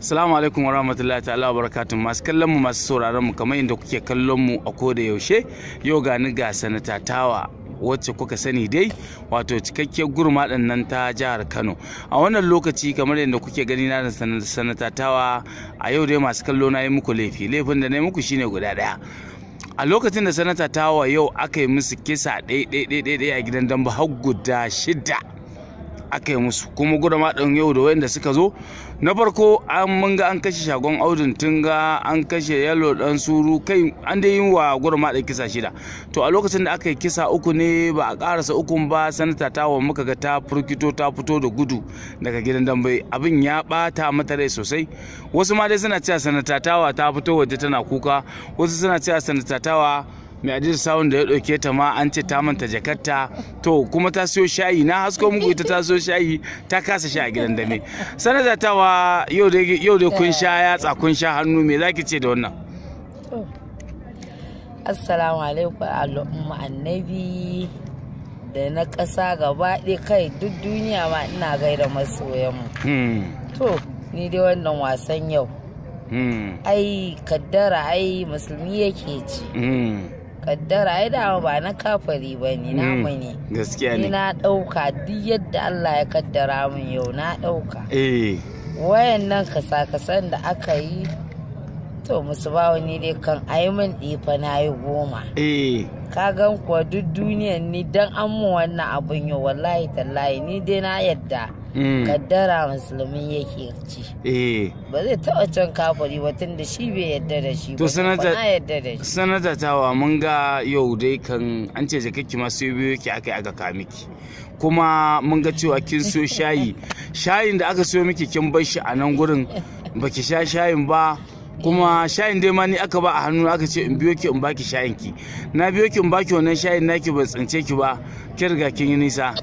Salamu alaikum wa rahmatullahi ta'ala wa barakatun masu kallon mu masu sauraron mu kamar inda kuke kallon mu a koda yaushe yau ga ni ga sanata tawa wacce kuka sani dai wato cikakkiyar gurma nan ta jihar kano a wannan lokaci kamar yadda kuke gani na da sanatatawa a yau dai masu kallo na yi muku laifi laifin da na yi muku shine guda daya a lokacin da sanatatawa yau aka yi musu kisa ɗaya ɗaya ɗaya a gidan dambu har guda shida aka yi musu kuma gudama ɗin yau da wayanda suka zo na farko an mun ga an kashe shagon audin ga an kashe yalo ɗan suru kai an dai yi wa gudama ɗin kisa shida to a lokacin da aka yi kisa uku ne ba a ƙarasa uku ba sanata ta wa muka ga ta furkito ta fito da gudu daga gidan dambe abin ya ɓata mata rai sosai wasu ma dai suna cewa sanata wa ta fito waje tana kuka wasu suna cewa sanata wa mai ajin sawun da ya ɗauke ta ma an ce ta manta jakarta to kuma ta siyo shayi na hasko muku ita ta siyo shayi ta kasa sha a gidan dame sanata tawa yau dai kun sha yatsa kun sha hannu me zaki ce da wannan assalamu alaikum al'umma annabi da na ƙasa gaba ɗaya kai duk duniya ma ina gaida masoyanmu hmm. to ni dai wannan wasan yau hmm. ai kaddara ai musulmi yake ci hmm. kaddara ya dama ba na kafari ba ne na hmm, ne gaskiya ne na dauka duk yadda Allah ya kaddara min yau na dauka eh wayan nan kasa-kasan da aka yi to musu ba wani dai kan ayi min ɗifa na yi goma eh ka gan kuwa duk duniyan ni dan an mu wannan abun yau wallahi tallahi ni dai na yadda Mm. kaddara musulmi yake ci eh. ba zai taɓa can kafuri ba tun da shi bai yadda da shi ba na yadda da shi sanata tawa mun ga yau dai kan an ce jakakki masu biyu yake aka aka kamiki kuma mun ga cewa kin so shayi shayin da aka so miki kin bar shi a nan gurin baki sha shayin ba kuma eh. shayin dai ma ni aka ba a hannu aka ce in biyo ki in baki shayin ki na biyo ki in baki wannan shayin naki ban tsince ki ba ki riga kin yi nisa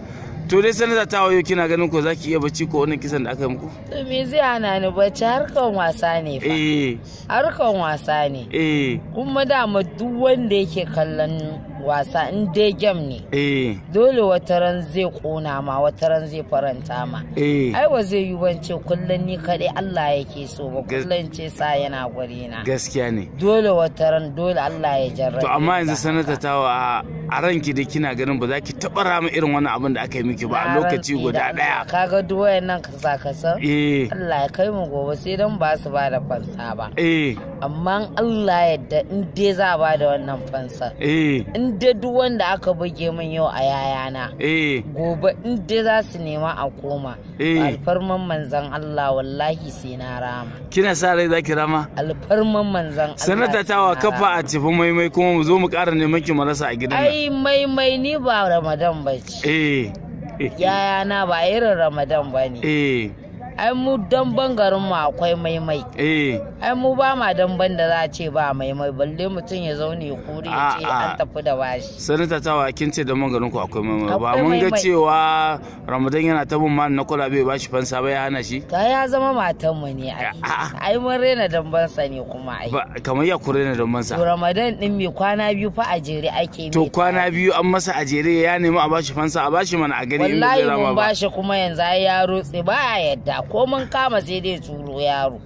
to dai sanata ta wayo kina ganin ko zaki iya bacci ko wannan kisan da aka yi muku to me zai hana ni bacci harkan wasa ne fa eh harkan wasa ne eh kuma dama duk wanda yake kallon wasa in dai gem ne eh. dole ran zai kona ma wata ran zai faranta ma eh. ai wa zai yi wance kullum ni kaɗai Allah yake so ba kullum ce sa yana gwari na gaskiya ne dole wata ran dole Allah ya jarrabe to amma yanzu sanata tawa a ranki da kina ganin ba za ki taba rama irin wannan abin da aka yi miki ba a lokaci guda ɗaya kaga duk wayannan kasa eh. Allah ya kai mu gobe sai dan ba su ba da fansa ba eh amma Allah yadda in dai za ba da wannan fansa eh. in dai duk wanda aka buge min yau a yayana eh. gobe in dai za su nema a koma eh. alfarman manzan Allah wallahi sai na rama kina sa rai zaki rama alfarman manzan Allah sanata tawa kafa a tafi maimai kuma mu zo mu ƙara neman ki marasa a gidan ai maimai ni ba ramadan bace eh yayana ba irin ramadan bane eh ai mu damban garin mu akwai maimai eh ai mu ba ma damban da za a ce ba maimai balle mutum ya zaune ya kore ya ce an tafi da bashi sanata tawa kin ce damban garin ku akwai maimai ba mun ga cewa ramadan yana ta bin man na kula bai bashi fansa ba ya hana shi ta ya zama matan mu ne ai ai mun rena damban sa ne kuma ai kamar ya kure ne damban sa to ramadan din me kwana biyu fa a jere ake to kwana biyu an masa a jere ya nemi a bashi fansa a bashi mana a gani wallahi mun bashi kuma yanzu ya rutse ba yadda ko mun kama sai dai turo yaro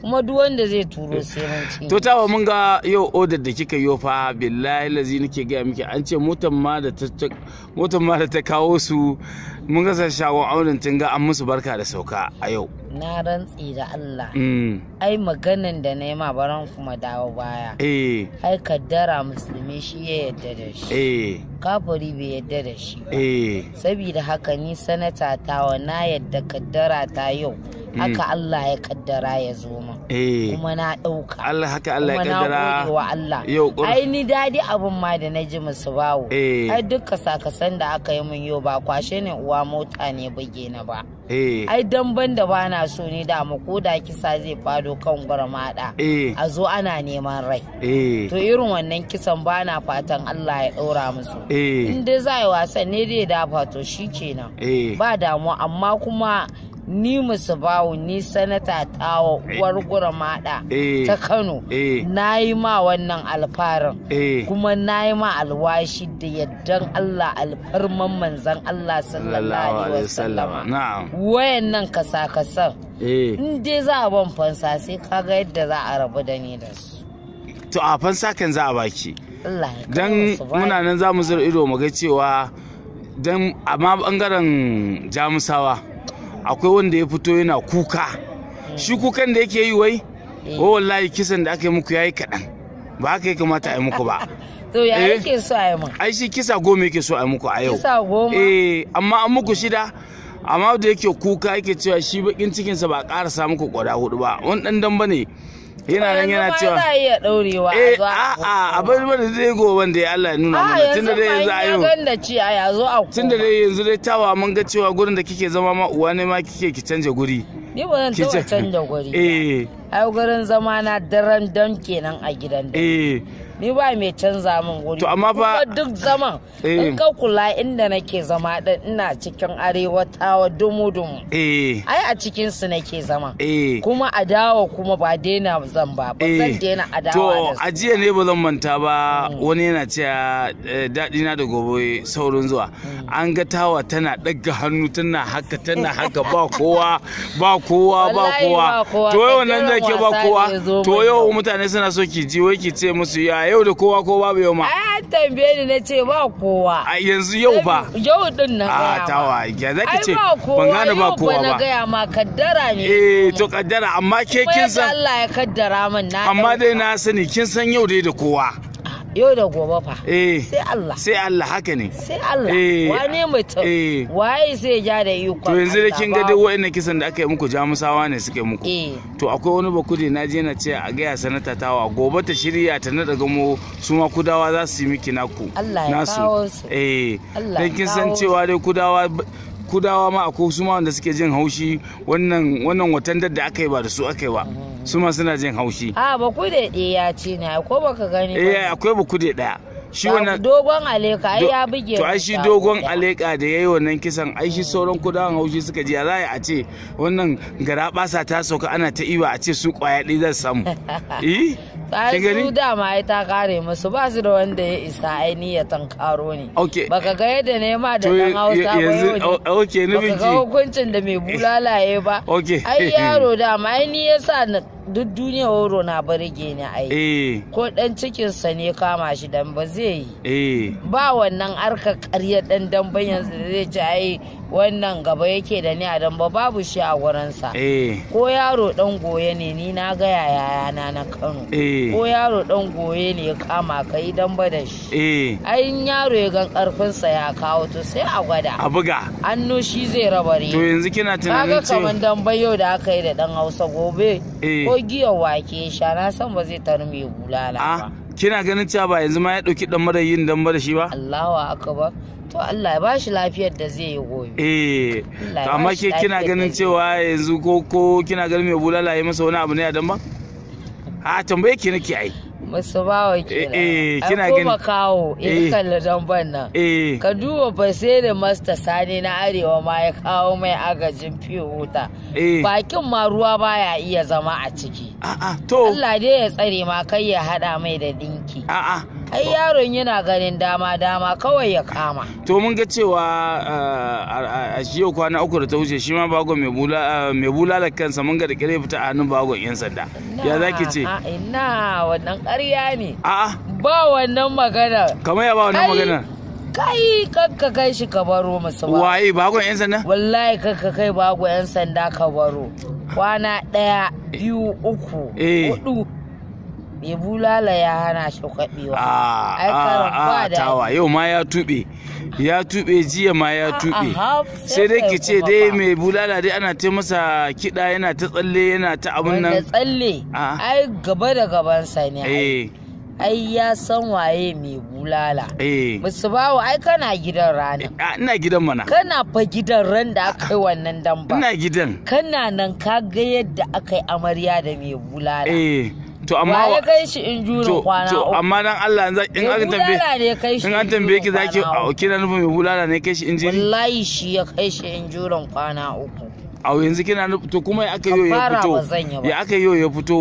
kuma duk wanda zai turo sai mun ci to mun ga yau odar da kika yi fa billahi lazi nake ga miki an ce motan ma da ta ma da ta kawo su mun ga shawo aunin tun ga an musu barka da sauka a yau na rantsi da Allah mm. ai maganin da na ma baran kuma dawo baya eh ai kaddara musulmi shi ya yadda da shi eh kafiri bai yadda da shi ba eh saboda haka ni sanata tawa na yadda kaddara ta yau haka mm. Allah ya kaddara ya zo ma eh. kuma na ɗauka Allah haka Allah ya kaddara wa Allah ai ni dadi abun ma da na ji musu bawo eh. ai duka sakasan da aka yi mun yau ba kwashe ne uwa mota ne bage na ba eh. ai dan da ba na so ni da mu ko da kisa zai fado kan gurmada a zo ana neman rai to irin wannan kisan bana fatan Allah ya ɗora musu in dai za yi wasan ne dai da fato shikenan ba damu amma kuma ni musubawu ni sanata tawa eh. uwar gura mada eh. ta kano eh. na yi ma wannan alfarin kuma na yi ma alwashi da yaddan allah alfarman manzan allah sallallahu alaihi wasallama wayan nan kasa-kasan in dai za a ban fansa sai kaga yadda za a rabu da ni da su to a fansa kan za a baki don muna nan za mu zira ido mu ga cewa don amma bangaren jamusawa akwai wanda ya fito yana kuka shi kukan da yake yi wai ko eh. oh, wallahi kisan da aka yi muku yayi kaɗan ba aka yi kamata a yi muku ba to ya eh. yake so a yi muku ai shi kisa goma yake so a yi muku a yau kisa goma eh amma an muku shida amma da yake kuka yake cewa shi bakin cikinsa ba a ƙarasa muku ƙwada hudu ba wani ɗan damba ne yana nan yana cewa za iya daurewa a eh, zo a a abin bane zai go wanda ya Allah nuna mana tunda dai yanzu ayo ganda ci a ya zo a tunda dai yanzu dai tawa mun ga cewa gurin da kike zama ma uwa ne ma kike ki canja guri ni ba zan taba canja guri eh ai gurin zama na daren dan kenan a gidan da eh ni ba mai canza min wuri kuma amma fa duk zaman in eh. ka kula inda nake zama din ina cikin arewa tawa dumu dumu eh ai a cikin su nake zama eh. kuma adawa kuma ba daina zan ba ba zan eh. daina adawa to ajiya ne ba zan manta ba mm. wani yana cewa daɗi na da gobe saurin zuwa mm. an ga tawa tana ɗaga hannu tana haka tana haka ba kowa ba kowa ba kowa to yau nan da ke ba kowa to yau mutane suna so ki ji wai ki ce musu ya yau da kowa ko babu yau ma an tambaye ni na ce ba kowa a yanzu yau ba yau din na ah, gaya a tawa ya zaki ce ban gane ba kowa ba na gaya ma kaddara ne eh to kaddara amma ke kin san Allah ya kaddara min na amma dai na sani kin san yau dai da kowa yau da gobe fa eh. sai Allah sai Allah haka ne sai Allah eh. wane ta eh. waye sai ja da iko to yanzu da kin ga duk wa'annan kisan da aka yi muku jamusawa ne suke muku to akwai wani bakude na je na ce a gaya sanata tawa gobe ta shirya ta na daga mu su ma kudawa za su yi miki naku Allah ya kawo su eh dan kin san cewa dai kudawa kudawa ma akwai su ma wanda suke jin haushi wannan wannan watan da aka yi ba da su aka yi ba su ma suna jin haushi a ba ku da ya ce na ko baka gani ba eh akwai ba ku da daya shi wannan dogon aleka ai ya buge to ai shi dogon aleka da yayi wannan kisan ai shi sauran kudawan haushi suka ji za a ce wannan gara basa ta sauka ana ta iwa a ce su kwaya ɗaya zan samu eh ai su dama ai ta kare musu ba su da wanda ya isa ai niyatan karo ne okay baka ga yadda ne ma da dan Hausa ba yau okay ni baka ga hukuncin da mai bulalaye ba okay ai yaro dama ai ni yasa duk duniya horo na barge ni ai eh. ko dan cikin sa ne kama shi dan ba zai yi eh. ba wannan arka ƙarya dan dan yanzu da zai ci ai wannan gaba yake da ni a ba babu shi a gurinsa eh. ko yaro dan goye ne ni na ga yaya na na Kano eh. ko yaro dan goye ne ya kama kai dan ba da shi eh. ai yaro ya gan karfinsa ya kawo to sai a gwada a buga hannu shi zai raba to yanzu kina tunanin ce kaman dan yau da aka yi da dan Hausa gobe ko giyan wake sha na san ba zai tarme bulala ah. ba kina ganin cewa ba yanzu ma ya ɗauki dan mara yin dan mara shi ba Allahu akbar to Allah ya bashi lafiyar da zai yi gobe eh amma ke kina ganin cewa yanzu ko ko kina ganin mai bulala ya masa wani abu ne a dan ba a tambaye ki nake ai musu ba wa eh, eh, kina gani ko kawo eh kalla dan bannan eh. ka duba ba sai da master sani na arewa ma ya kawo mai agajin fiye wuta bakin ma ruwa baya iya zama a ciki a'a Allah dai ya tsare ma kai ya hada mai da dinki a'a ai yaron yana ganin dama dama kawai ya kama to mun ga cewa a shi yau kwana uku da ta wuce shi ma bagon mai bulala kansa mun ga da kire fita a hannun bagon yan sanda ya zaki ce ina wannan ƙarya ne a ba wannan magana kamar ya ba wannan magana kai kakka kai shi ka baro musu ba waye bagon yan sanda wallahi kakka kai bagon yan sanda ka baro kwana daya biyu uku eh. hudu bai bulala ya hana shi kwaɓewa ah, ai ah, karan ah, da tawa yau ma ya tuɓe ya tuɓe jiya ma ya tuɓe sai dai ki ce dai mai bulala dai ana ta masa kiɗa yana ta tsalle yana ta abun nan wanda tsalle ai gaba da sa ne ai eh. ai ya san waye mai bulala. Eh. bawo ai kana gidan rana. Eh, ina gidan mana. Kana fa gidan ran da aka yi wannan damba. Ina gidan. Kana nan ka ga yadda aka yi amarya da mai bulala. to amma wa kai shi in jurin kwana to amma dan Allah in an tambaye in an tambaye ki zaki kina nufin mai hulala ne kai shi in jiri wallahi shi ya kai shi in jurin kwana uku a yanzu kina to kuma ya aka yi ya fito ya aka yi ya fito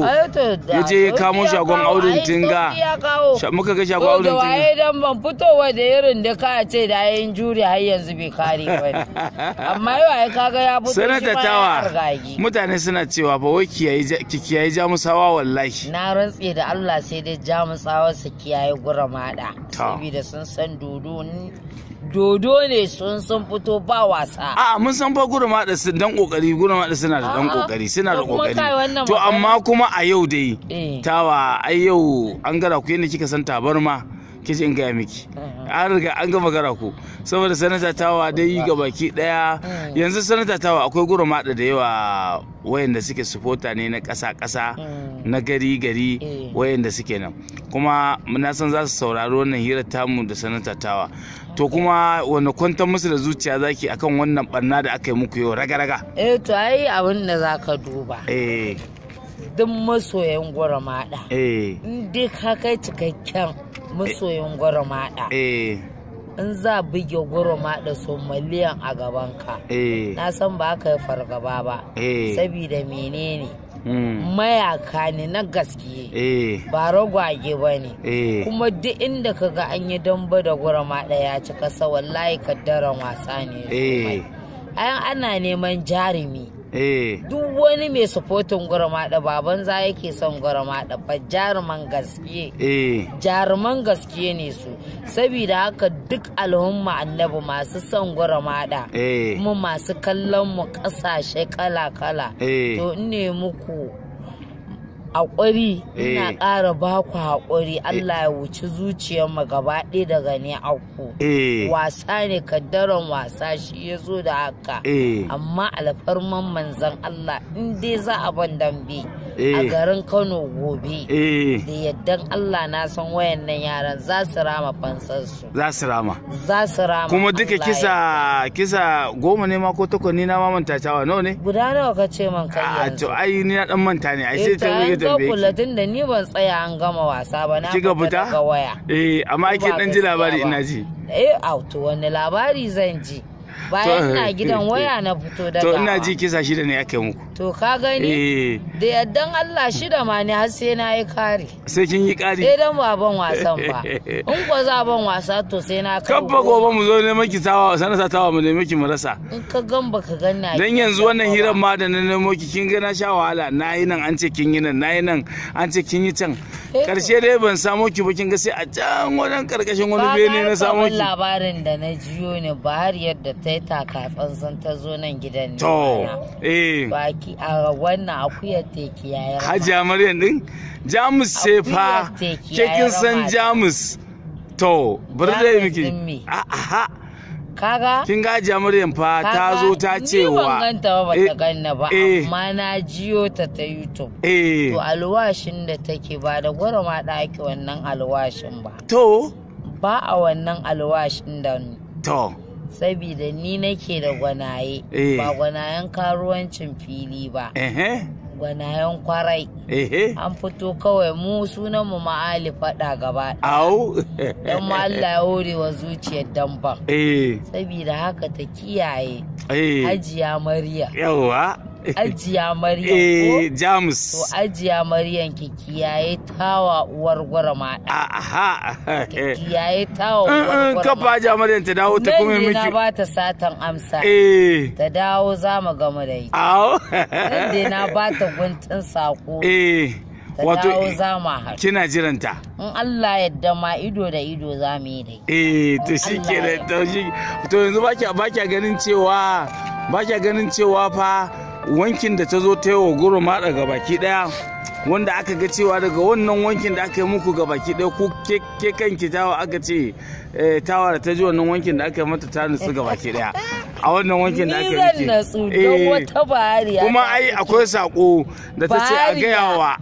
ya je ya kamo shagon auren tinga muka ga shagon auren tinga waye dan ban fitowa da irin da ka ce da yayin juri har yanzu bai kare ba amma yau ai kaga ya fito sanata tawa mutane suna cewa ba wai kiyaye kiyaye jamusawa wallahi na rantse da Allah sai dai jamusawa su kiyaye gura mada saboda sun san dodo dodo ne sun sun fito ba wasa a mun san fa gurma da su dan kokari gurma da suna da dan kokari suna da kokari to amma kuma a yau dai eh. tawa ai yau an gara ku yadda kika san tabarma kici in gaya miki an riga an gama gara ku saboda sanata tawa dai ga baki daya yanzu sanata tawa akwai gura mada da yawa wayanda suke supporter ne na kasa kasa na gari gari wayanda suke nan kuma na san za su saurari wannan hirar tamu da sanata tawa to kuma wanda kwantar musu da zuciya zaki akan wannan barna da aka yi muku yau raga raga eh to ai abin da zaka duba eh duk masoyan gwara mada eh in dai kakai cikakken masoyin maɗa eh. in za buge maɗa su miliyan a gabanka eh. na san ba ka yi fargaba ba eh. sabida menene hmm. mayaka ne na gaske ba ragwage ba ne kuma duk inda ka ga an yi damba da maɗa ya ci kasa wallahi kaddaran wasa ne ayan ana neman jarumi Eh. duk wani mai supportin gurmaɗa baban za yake son gurmaɗa ba jaruman gaske eh. jaruman gaske ne su saboda haka duk al'umma annabi masu son gurmaɗa kuma eh. masu kallon mu ƙasashe kala-kala to ne muku haƙuri ina eh. ƙara ba ku haƙuri Allah ya wuce zuciyar mu gaba ɗaya daga ne aku eh. wasa ne kaddaran wasa shi ya zo da haka eh. amma alfarman manzan Allah in dai za a ban dambe Eh. a garin Kano gobe eh. da yaddan Allah na san wayannan yaran za su rama su. za su rama za su rama kuma duka kisa kisa goma ne ma ko takwanni ni na ma manta n'o nawa ne guda nawa ka ce man kai ah, yanzu a to ai ni na dan manta ne ai sai ta yi ta bai kula tun da ni ban tsaya an gama wasa ba na fita daga waya eh amma ake dan ji labari ina ji eh auto wani labari zan ji bayan ina eh, gidan waya na fito daga to ina ji kisa shida ne ake muku to ka gani eh. da yaddan Allah shida ma ne har sai na yi kari sai kin yi kari sai dan baban wasan ba in ko za ban wasa to sai na kai kabba gobe mu zo ne maki tawa sana sa tawa mu ne maki mu rasa in ka gan gan na dan yanzu wannan hirar ma da na nemo ki kin ga na sha wahala na yi nan an ce kin yi nan na yi nan an ce kin yi can eh karshe dai ban samu ki ba kin ga sai a can wajen karkashin wani bene na samu ki labarin da na jiyo ne ba har yadda ta ta kafin tsantsan ta zo nan gidan ne to eh baki a wannan akuyar teki ya yayi hajiya maryam din jamus ce fa kekin san jamus to bari da yi miki Aha. kaga kin ga hajiya maryam fa ta zo ta cewa ni ban ganta ba bata eh, ganna ba eh. amma na jiyo ta ta youtube Eh. to alwashin da take ba da gwara ma da ake wannan alwashin ba to ba a wannan alwashin da ni to Sabida ni nake da gwanaye eh. ba gwanayen karuwancin fili ba gwanayen kwarai an fito kawai mu sunan mu ma'ali fada gaba au don ma Allah ya hore wa zuciyar damban eh. saboda haka ta kiyaye eh. hajiya mariya yawa ajiya maryan eh jamus to ajiya maryan ki kiyaye tawa uwar gwarama aha ki kiyaye tawa eh, uwar eh, gwarama kafa ajiya maryan ta dawo ta kuma miki na ba ta satan amsa eh ta dawo za mu gama da ita awo inda na ba ta guntun sako eh wato za mu haɗu kina jiranta in Allah yadda ma ido da ido za mu yi dai eh to shikenan to yanzu baki baki ganin cewa baki ganin cewa fa wankin da ta zo ta yi wa goro maɗa ga baki ɗaya wanda aka ga cewa daga wannan wankin da aka yi muku ga baki ɗaya ko ke ki tawa aka ce eh, tawa da ta ji wannan wankin da aka yi mata ta nutsu ga baki ɗaya a wannan wankin da aka yi miki eh, kuma ai akwai sako da ta ce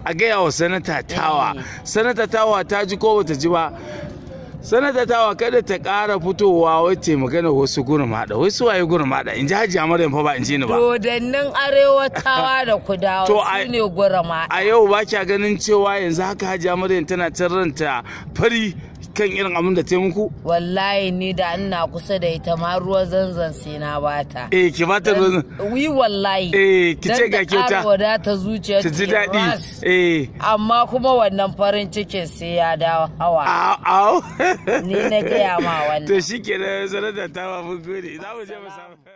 a gayawa sanata tawa eh. sanata tawa ta ji ko bata ji ba sanata ta wa kada ta kara fitowa wacce magana wasu gurmaɗa wasu waye gurmaɗa in ji hajiya maryam fa ba in ji ni ba dodannin arewatawa da kudawa sune ne gurmaɗa a yau ba kya ganin cewa yanzu haka hajiya maryam tana cin ranta fari kan irin abin da ta muku wallahi ni da ina kusa da ita ma ruwan zanzan sai na bata eh ki bata ruwan wi wallahi eh ki ce ga kyauta dan ta zuciya ta ji daɗi eh amma kuma wannan farin cikin sai ya dawo hawa au ni na gaya ma wannan to shikenan sanar da tawa mun gode za mu je mu samu